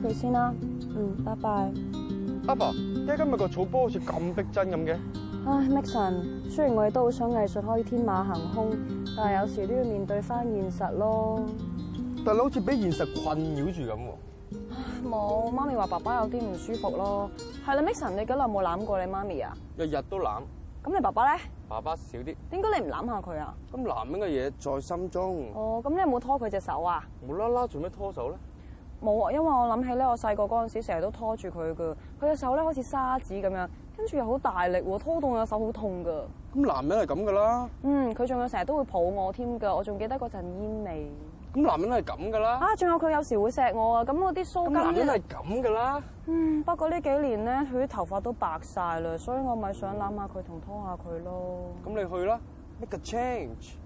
佢先啦，嗯，拜拜。阿爸，點解今日個草波好似咁逼真咁嘅？唉，Mixon，雖然我哋都好想藝術可以天馬行空，但係有時都要面對翻現實咯。但係好似俾現實困擾住咁。冇，媽咪話爸爸有啲唔舒服咯。係啦，Mixon，你幾耐冇攬過你媽咪啊？日日都攬。咁你爸爸咧？爸爸少啲。點解你唔攬下佢啊？咁男人嘅嘢在心中。哦，咁你有冇拖佢隻手啊？冇啦啦做咩拖手咧？冇啊，因為我諗起咧，我細個嗰陣時成日都拖住佢噶，佢嘅手咧好似沙子咁樣，跟住又好大力喎，拖到我手好痛噶。咁男人係咁噶啦。嗯，佢仲有成日都會抱我添噶，我仲記得嗰陣煙味。咁男人都係咁噶啦。啊，仲有佢有時會錫我啊，咁我啲梳膠。男人都係咁噶啦。嗯，不過呢幾年咧，佢啲頭髮都白晒啦，所以我咪想攬下佢同拖下佢咯。咁你去啦。Make a change。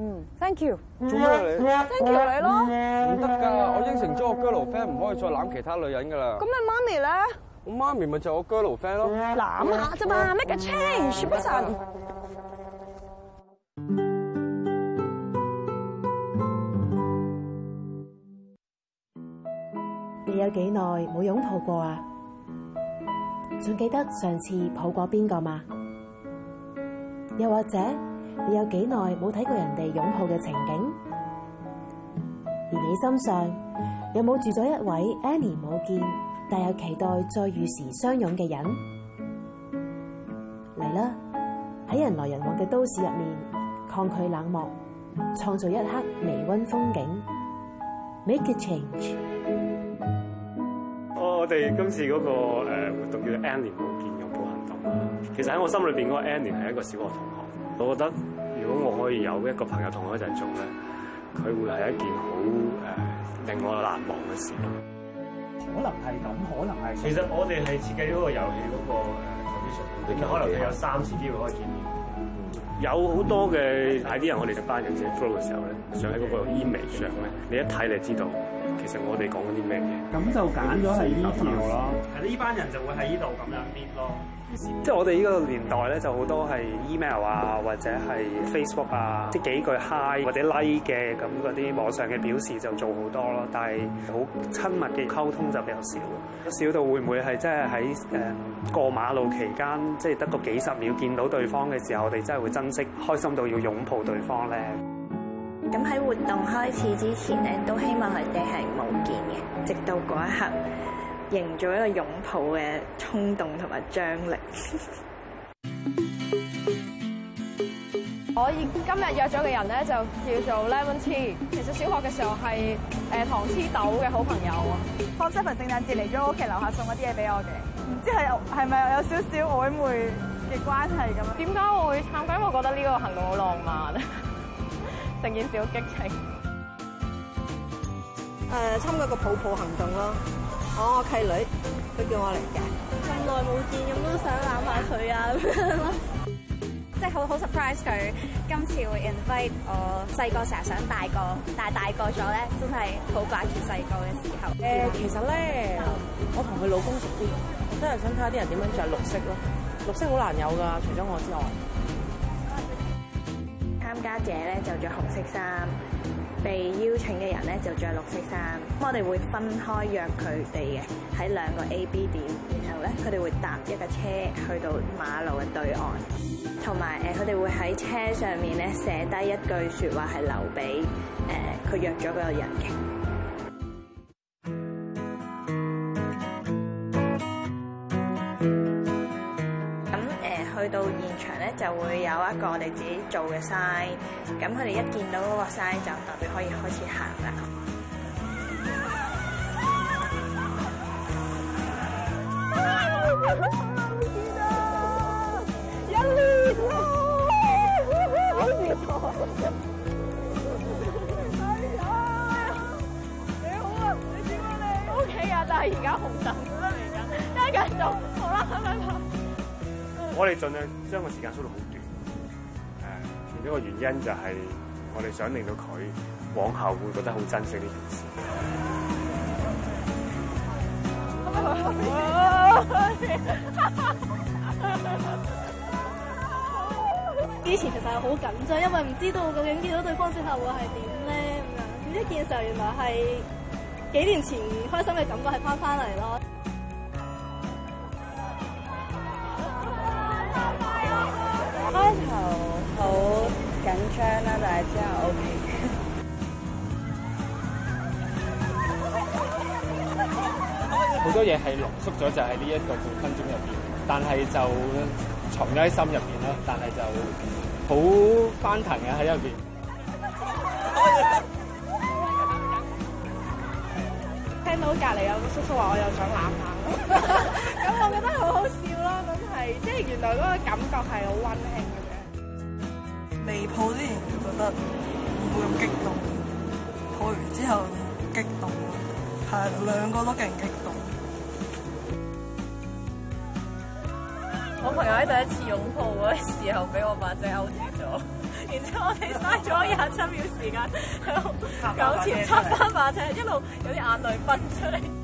嗯，thank you。做咩你？thank you 你咯。唔得噶，我應承咗個 girlfriend 唔可以再攬其他女人噶啦。咁你媽咪咧？我媽咪咪就我 girlfriend 咯。攬下啫嘛，make a change 不成？你有幾耐冇擁抱過啊？仲記得上次抱過邊個嘛？又或者？你有幾耐冇睇過人哋擁抱嘅情景？而你心上有冇住咗一位 N 年冇見，但又期待再遇時相擁嘅人？嚟啦！喺人來人往嘅都市入面，抗拒冷漠，創造一刻微温風景。Make a Change。哦、那個，我哋今次嗰個誒活動叫做 N 年冇見擁抱行動。其實喺我心裏邊，嗰個 N 年係一個小學同學。我覺得，如果我可以有一個朋友同我一齊做咧，佢會係一件好誒令我難忘嘅事咯。可能係咁，可能係。其實我哋係設計咗個遊戲嗰、那個誒 solution 可能佢有三次機會可以見面。嗯、有好多嘅啲人，我哋嘅班人寫 flow 嘅時候咧、嗯，上喺嗰個 email 上咧、嗯，你一睇你就知道。其實我哋講緊啲咩嘢？咁就揀咗係呢條囉。咯。係呢班人就會喺呢度咁樣 m 囉。咯。即係我哋呢個年代咧，就好多係 email 啊，或者係 Facebook 啊，即係幾句 hi 或者 like 嘅咁嗰啲網上嘅表示就做好多咯。但係好親密嘅溝通就比較少，少到會唔會係真係喺誒過馬路期間，即係得個幾十秒見到對方嘅時候，我哋真係會珍惜，開心到要擁抱對方咧？咁喺活動開始之前咧，都希望佢哋係冇見嘅，直到嗰一刻營造一個擁抱嘅衝動同埋張力。我今日約咗嘅人咧，就叫做 Leventee，其實小學嘅時候係誒、呃、唐詩斗嘅好朋友啊，放 Seven 聖誕節嚟,咗屋企樓下送咗啲嘢俾我嘅，唔知係係咪有少少曖昧嘅關係咁啊？點解我會參加？因為我覺得呢個行動好浪漫。成件事好激情。誒，參加個抱抱行動咯。我、oh, 契女，佢叫我嚟嘅。咁耐冇見，咁都想攬下佢啊咁樣咯。 即係好好 surprise 佢，今次會 invite、uh, 我。細個成日想大個，但係大個咗咧，真係好掛住細個嘅時候。誒、uh, 其實咧，uh, 我同佢老公熟啲，uh, 我真係想睇下啲人點樣着綠色咯。Uh, 綠色好難有㗎，除咗我之外。參加者咧就着紅色衫，被邀請嘅人咧就着綠色衫。咁我哋會分開約佢哋嘅喺兩個 A、B 點，然後咧佢哋會搭一架車去到馬路嘅對岸，同埋誒佢哋會喺車上面咧寫低一句説話係留俾誒佢約咗嗰個人嘅。場咧就會有一個我哋自己做嘅嘜，咁佢哋一見到嗰個嘜就代表可以開始行啦，啊。盡量將個時間縮到好短，誒，其中一個原因就係我哋想令到佢往後會覺得好珍惜呢件事。 以前其實係好緊張，因為唔知道究竟見到對方之後會係點咧咁樣呢。點知見嘅時候，原來係幾年前，開心嘅感覺係翻翻嚟咯。開頭好緊張啦，但係之後 OK。好多嘢係濃縮咗，就係呢一個細分鐘入邊，但係就藏咗喺心入邊啦。但係就好翻騰嘅喺入邊。聽到隔籬有個叔叔話，我又想攬下，咁 我覺得好好笑。係，即係原來嗰個感覺係好溫馨嘅樣。未抱之前，就覺得冇咁激動，抱完之後激動，係兩個都勁激動。我朋友喺第一次擁抱嘅時候俾我把仔勾住咗，然之後我哋嘥咗廿七秒時間，糾纏執翻把仔，一路有啲眼淚奔出嚟。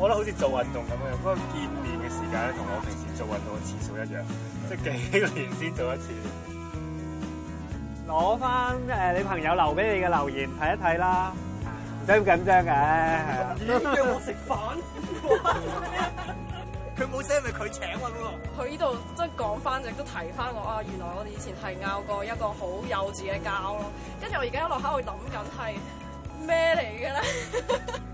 我覺得好似做運動咁樣，不過見面嘅時間咧，同我平時做運動嘅次數一樣，即係幾年先做一次。攞翻誒你朋友留俾你嘅留言睇一睇啦，唔使咁緊張嘅、啊。叫、 yeah，我食吃飯，佢冇寫咪佢請 我咯。佢呢度即係講翻，亦都提翻我啊，原來我哋以前係拗過一個好幼稚嘅交咯。跟住我而家一路喺度諗緊係咩嚟嘅咧？是什麼來的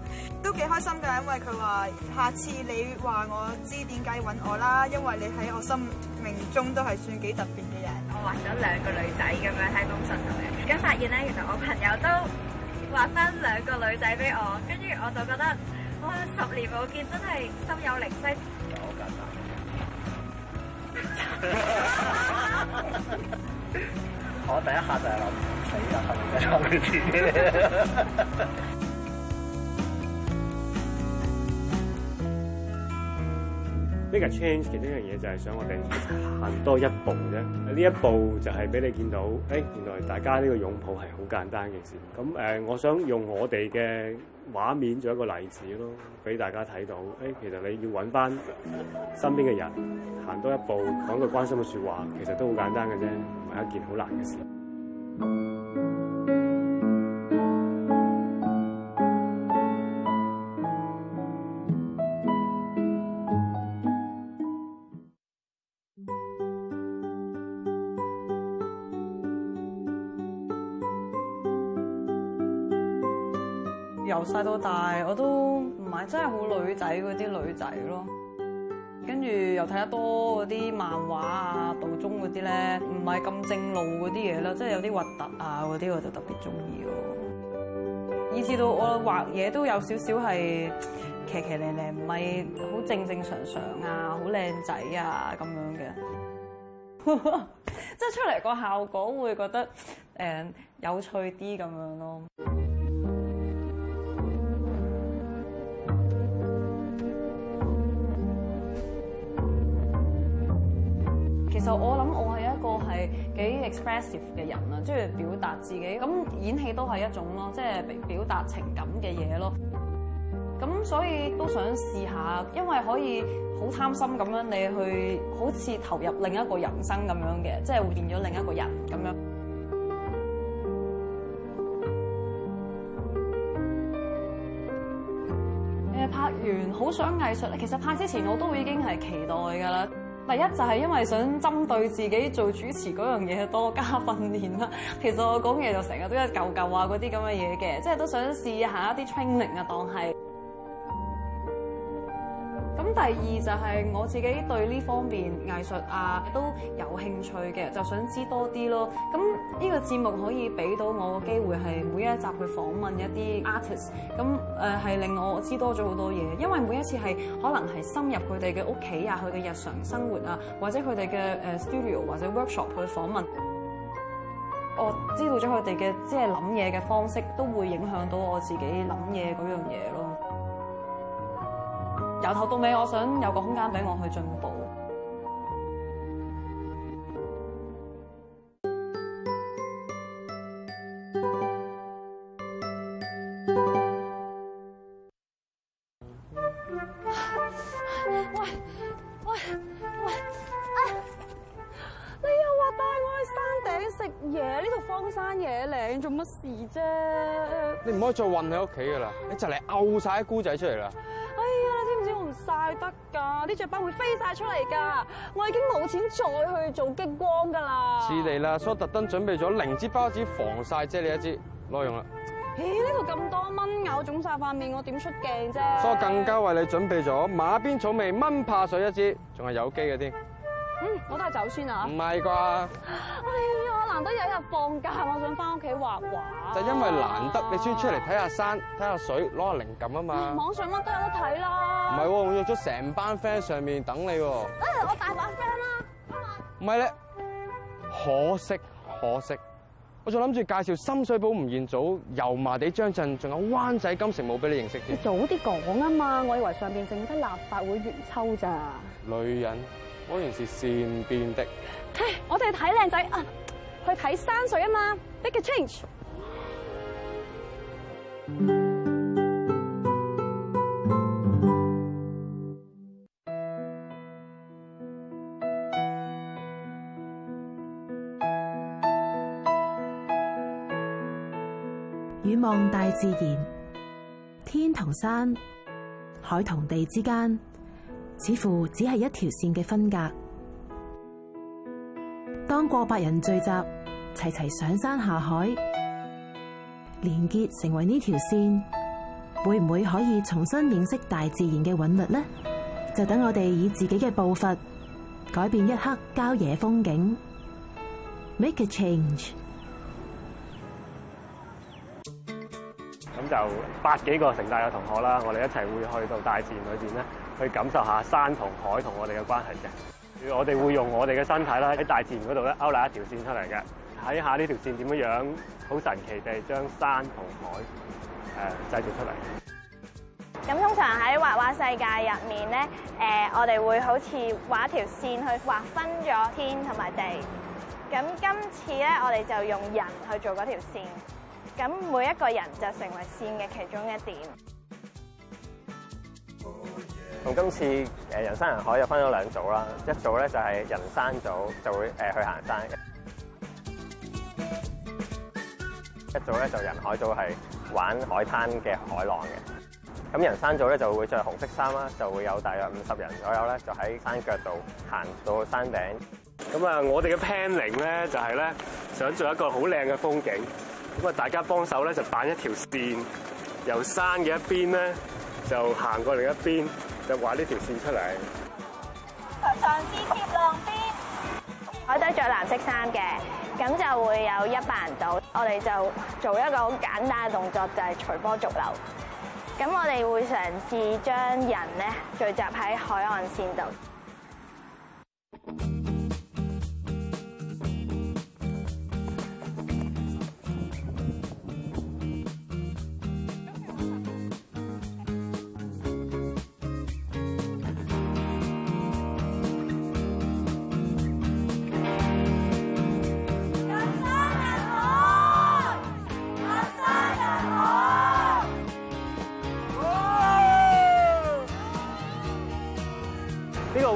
都幾開心㗎，因為佢話下次你話我，我知點解揾我啦，因為你喺我生命中都係算幾特別嘅人。我揾咗兩個女仔咁樣喺封信度嘅，咁發現咧，原來我朋友都揾翻兩個女仔俾我，跟住我就覺得哇！我十年冇見真係心有靈犀。好簡單。我第一下就係諗死啦，係咪？係咪先？呢個 change，其中一樣嘢就係想我哋行多一步啫。呢一步就係俾你見到，誒原來大家呢個擁抱係好簡單嘅事。咁誒，我想用我哋嘅畫面做一個例子咯，俾大家睇到，誒其實你要搵返身邊嘅人行多一步，講句關心嘅説話，其實都好簡單嘅啫，唔係一件好難嘅事。由細到大，我都唔係真係好女仔嗰啲女仔咯，跟住又睇得多嗰啲漫畫啊、道中嗰啲咧，唔係咁正路嗰啲嘢咯，即係有啲核突啊嗰啲我就特別中意咯。以至到我畫嘢都有少少係騎騎呢呢，唔係好正正常常啊，好靚仔啊咁樣嘅， 即係出嚟個效果會覺得誒、嗯、有趣啲咁樣咯。就我諗，我係一個係幾 expressive 嘅人啊，中意表達自己。咁演戲都係一種咯，即係表達情感嘅嘢咯。咁所以都想試下，因為可以好貪心咁樣，你去好似投入另一個人生咁樣嘅，即係變咗另一個人咁樣。誒 拍完好想藝術，其實拍之前我都已經係期待㗎啦。第一就係因為想針對自己做主持嗰樣嘢多加訓練啦。其實我講嘢就成日都一嚿嚿啊，嗰啲咁嘅嘢嘅，即係都想試下一啲 training 啊，當係。第二就係我自己對呢方面藝術啊都有興趣嘅，就想知多啲咯。咁呢個節目可以俾到我個機會，係每一集去訪問一啲 artist，咁誒係令我知多咗好多嘢。因為每一次係可能係深入佢哋嘅屋企啊，佢嘅日常生活啊，或者佢哋嘅誒 studio 或者 workshop 去訪問，我知道咗佢哋嘅即係諗嘢嘅方式，都會影響到我自己諗嘢樣嘢咯。由頭到尾，我想有個空間俾我去進步。喂喂喂喂、哎！你又話帶我去山頂食嘢？呢度荒山野嶺，做乜事啫？你唔可以再混喺屋企噶啦！你就嚟漚晒啲菇仔出嚟啦！曬得噶，啲雀斑會飛晒出嚟噶。我已經冇錢再去做激光噶啦。遲嚟啦，所以特登準備咗靈芝孢子防曬啫喱一支，攞用啦。咦？呢度咁多蚊咬腫晒塊面，我點出鏡啫？所以更加為你準備咗馬鞭草味蚊怕水一支，仲係有機嘅添。我都係走先啊！唔係啩？哎呀，難得有一日放假，我想翻屋企畫畫。就是、因為難得，你先出嚟睇下山，睇下水，攞下靈感啊嘛。網上乜都有得睇啦。唔係，我約咗成班 friend 上面等你。誒、哎，我大把 friend、啊、啦，唔係咧，可惜可惜，我仲諗住介紹深水埗吳彥祖、油麻地張震，仲有灣仔金城武俾你認識。你早啲講啊嘛，我以為上邊淨得立法會元秋咋。女人。我原是善變的。我哋去睇靚仔啊，去睇山水啊嘛！Big change。遠望大自然，天同山、海同地之間。似乎只係一條線嘅分隔。當過百人聚集，齊齊上山下海，連結成為呢條線，會唔會可以重新認識大自然嘅韻律呢？就等我哋以自己嘅步伐，改變一刻郊野風景，Make a change。咁就百幾個城大嘅同學啦，我哋一齊會去到大自然裏邊呢？去感受下山同海同我哋嘅關係嘅，我哋會用我哋嘅身體啦，喺大自然嗰度咧，勾勒一條線出嚟嘅，睇下呢條線點樣樣好神奇地將山同海誒製造出嚟。咁通常喺畫畫世界入面咧，誒，我哋會好似畫一條線去劃分咗天同埋地。咁今次咧，我哋就用人去做嗰條線，咁每一個人就成為線嘅其中一點。同今次誒人山人海又分咗兩組啦。一組咧就係人山組，就會誒去行山；一組咧就人海組，係玩海灘嘅海浪嘅。咁人山組咧就會着紅色衫啦，就會有大約五十人左右咧，就喺山腳度行到山頂。咁啊，我哋嘅 planning 咧就係咧想做一個好靚嘅風景。咁啊，大家幫手咧就扮一條線，由山嘅一邊咧就行過另一邊。就畫呢條線出嚟。上試貼浪邊，海底着藍色衫嘅，咁就會有一百人度。我哋就做一個好簡單嘅動作，就係、是、隨波逐流。咁我哋會嘗試將人咧聚集喺海岸線度。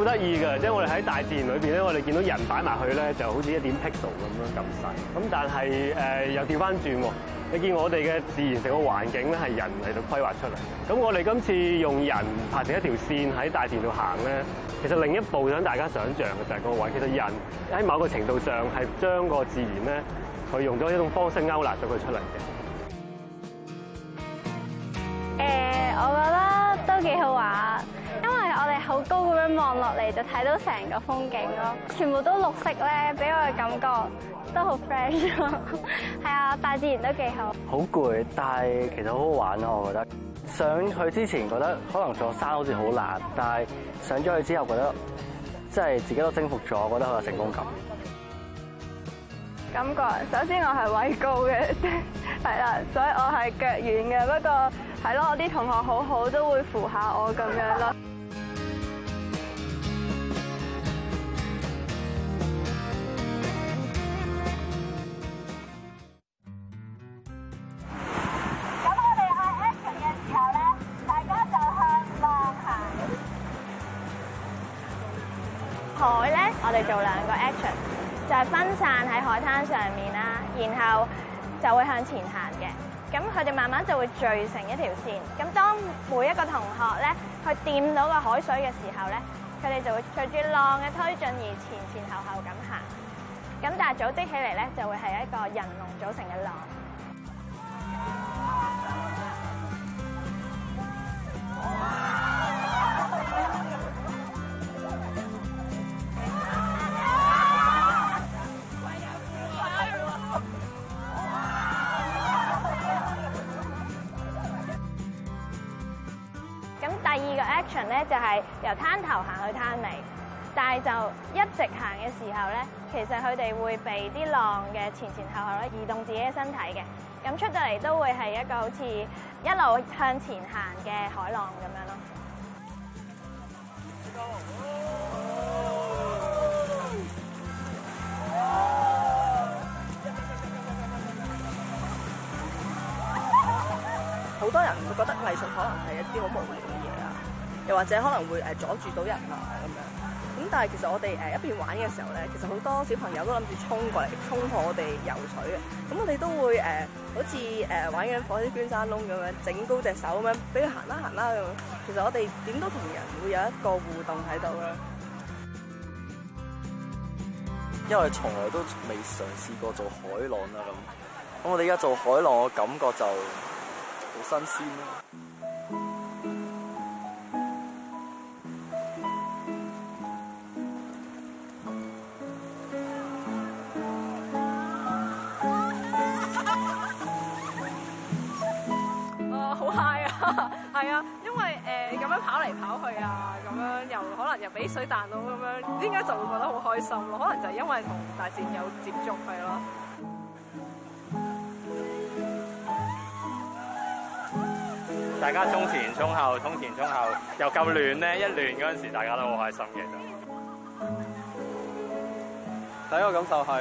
得意嘅，即係我哋喺大自然裏邊咧，我哋見到人擺埋去咧，就好似一點 pixel 咁樣咁細。咁但係誒又調翻轉喎，你見我哋嘅自然成個環境咧係人嚟到規劃出嚟。咁我哋今次用人拍成一條線喺大自然度行咧，其實另一步想大家想象嘅就係個位，其實人喺某個程度上係將個自然咧，佢用咗一種方式勾勒咗佢出嚟嘅。誒，我覺得都幾好玩。我哋好高咁樣望落嚟，就睇到成個風景咯，全部都綠色咧，俾我嘅感覺都好 fresh 咯。係 啊，大自然都幾好。好攰，但係其實好好玩咯，我覺得。上去之前覺得可能座山好似好難，但係上咗去之後覺得，即係自己都征服咗，覺得好有成功感。感覺，首先我係畏高嘅，係啊，所以我係腳軟嘅。不過係咯，我啲同學好好，都會扶下我咁樣咯。做兩個 action，就係分散喺海灘上面啦，然後就會向前行嘅。咁佢哋慢慢就會聚成一條線。咁當每一個同學咧，佢掂到個海水嘅時候咧，佢哋就會隨住浪嘅推進而前前後後咁行。咁但係組織起嚟咧，就會係一個人龍組成嘅浪。咧就係、是，由灘頭行去灘尾，但係就一直行嘅時候咧，其實佢哋會被啲浪嘅前前後後咧移動自己嘅身體嘅，咁出到嚟都會係一個好似一路向前行嘅海浪咁樣咯。好多人會覺得藝術可能係一啲好無聊嘅嘢啊。又或者可能會阻住到人啊咁樣，咁但係其實我哋一邊玩嘅時候咧，其實好多小朋友都諗住衝過嚟衝破我哋游水嘅，咁我哋都會、呃、好似、呃、玩緊火車捐山窿咁樣，整高隻手咁樣俾佢行啦行啦咁。其實我哋點都同人會有一個互動喺度咯。因為從來都未嘗試過做海浪啊咁，咁我哋而家做海浪嘅感覺就好新鮮咯。又俾水彈咯咁樣，點解就會覺得好開心咯？可能就係因為同大自然有接觸係咯。大家衝前衝後，衝前衝後又夠暖咧，一暖嗰陣時大家都好開心嘅。就第一個感受係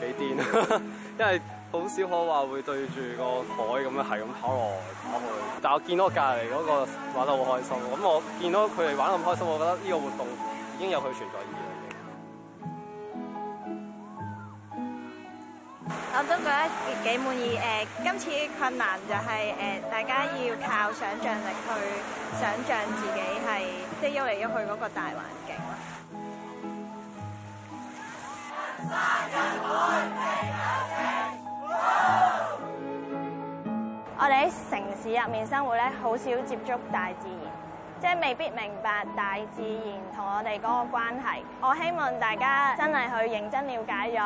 幾癲，因為好少可話會對住個海咁樣係咁跑落跑去，但我見到隔離嗰個玩得好開心，咁我見到佢哋玩咁開心，我覺得呢個活動已經有佢存在意義。我都覺得幾滿意。呃、今次困難就係、是呃、大家要靠想象力去想像自己係即係郁嚟郁去嗰個大環境。我哋喺城市入面生活咧，好少接觸大自然，即係未必明白大自然同我哋嗰個關係。我希望大家真係去認真了解咗，誒、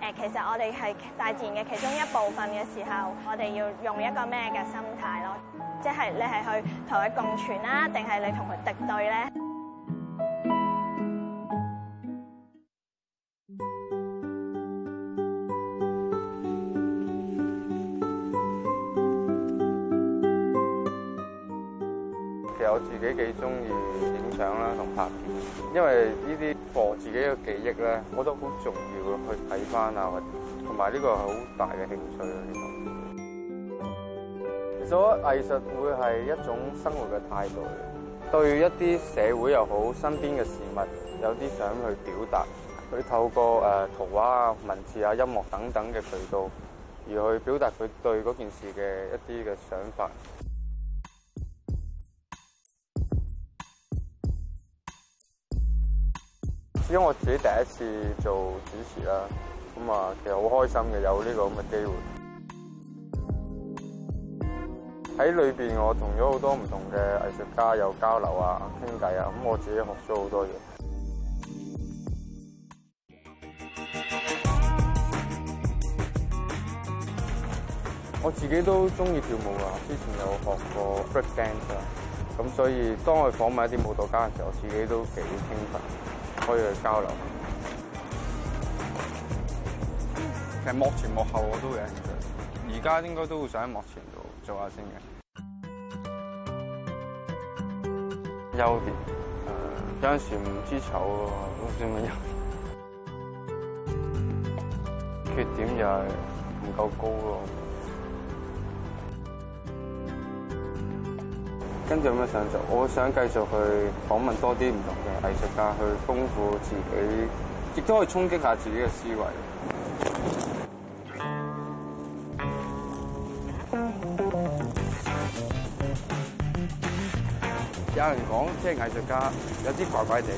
呃，其實我哋係大自然嘅其中一部分嘅時候，我哋要用一個咩嘅心態咯？即係你係去同佢共存啦，定係你同佢敵對咧？自己幾鍾意影相啦，同拍片，因為呢啲畀自己嘅記憶咧，我都好重要去睇返啊。同埋呢個係好大嘅興趣咯。其實藝術會係一種生活嘅態度嚟，對一啲社會又好，身邊嘅事物有啲想去表達，佢透過誒圖畫啊、文字啊、音樂等等嘅渠道，而去表達佢對嗰件事嘅一啲嘅想法。因為我自己第一次做主持啦，咁啊其實好開心嘅，有呢個咁嘅機會喺裏邊，裏面我和很多不同咗好多唔同嘅藝術家有交流啊、傾偈啊，咁我自己學咗好多嘢。我自己都中意跳舞啊，之前有學過 break dance 啦，咁所以當我訪問一啲舞蹈家嘅時候，我自己都幾興奮。可以去交流。其實幕前幕後我都會，而家應該都會想喺幕前度做下先嘅。優點，有陣時唔知醜咯，都算咪優。缺點又係唔夠高咯。跟住有咩想做？我想繼續去訪問多啲唔同嘅藝術家，去豐富自己，亦都可以衝擊下自己嘅思維。有人講即係藝術家有啲怪怪地，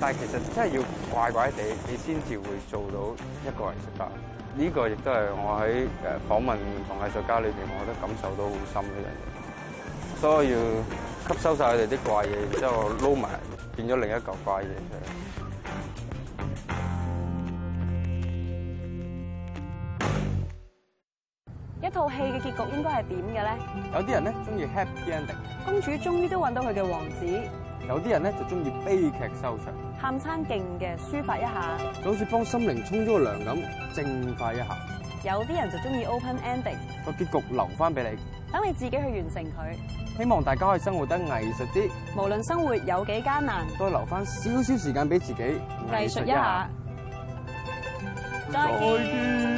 但係其實真係要怪怪地，你先至會做到一個藝術家。呢個亦都係我喺訪問同藝術家裏面，我覺得感受到好深一樣嘢。都要吸收晒佢哋啲怪嘢，然之後撈埋變咗另一嚿怪嘢出嚟。一套戲嘅結局應該係點嘅咧？有啲人咧中意 happy ending，公主終於都搵到佢嘅王子。有啲人咧就中意悲劇收場，喊餐勁嘅抒發一下。就好似幫心靈沖咗個涼咁，淨化一下。有啲人就中意 open ending，個結局留翻俾你。等你自己去完成佢。希望大家可以生活得藝術啲。無論生活有幾艱難，都留翻少少時間俾自己藝術一下。再見。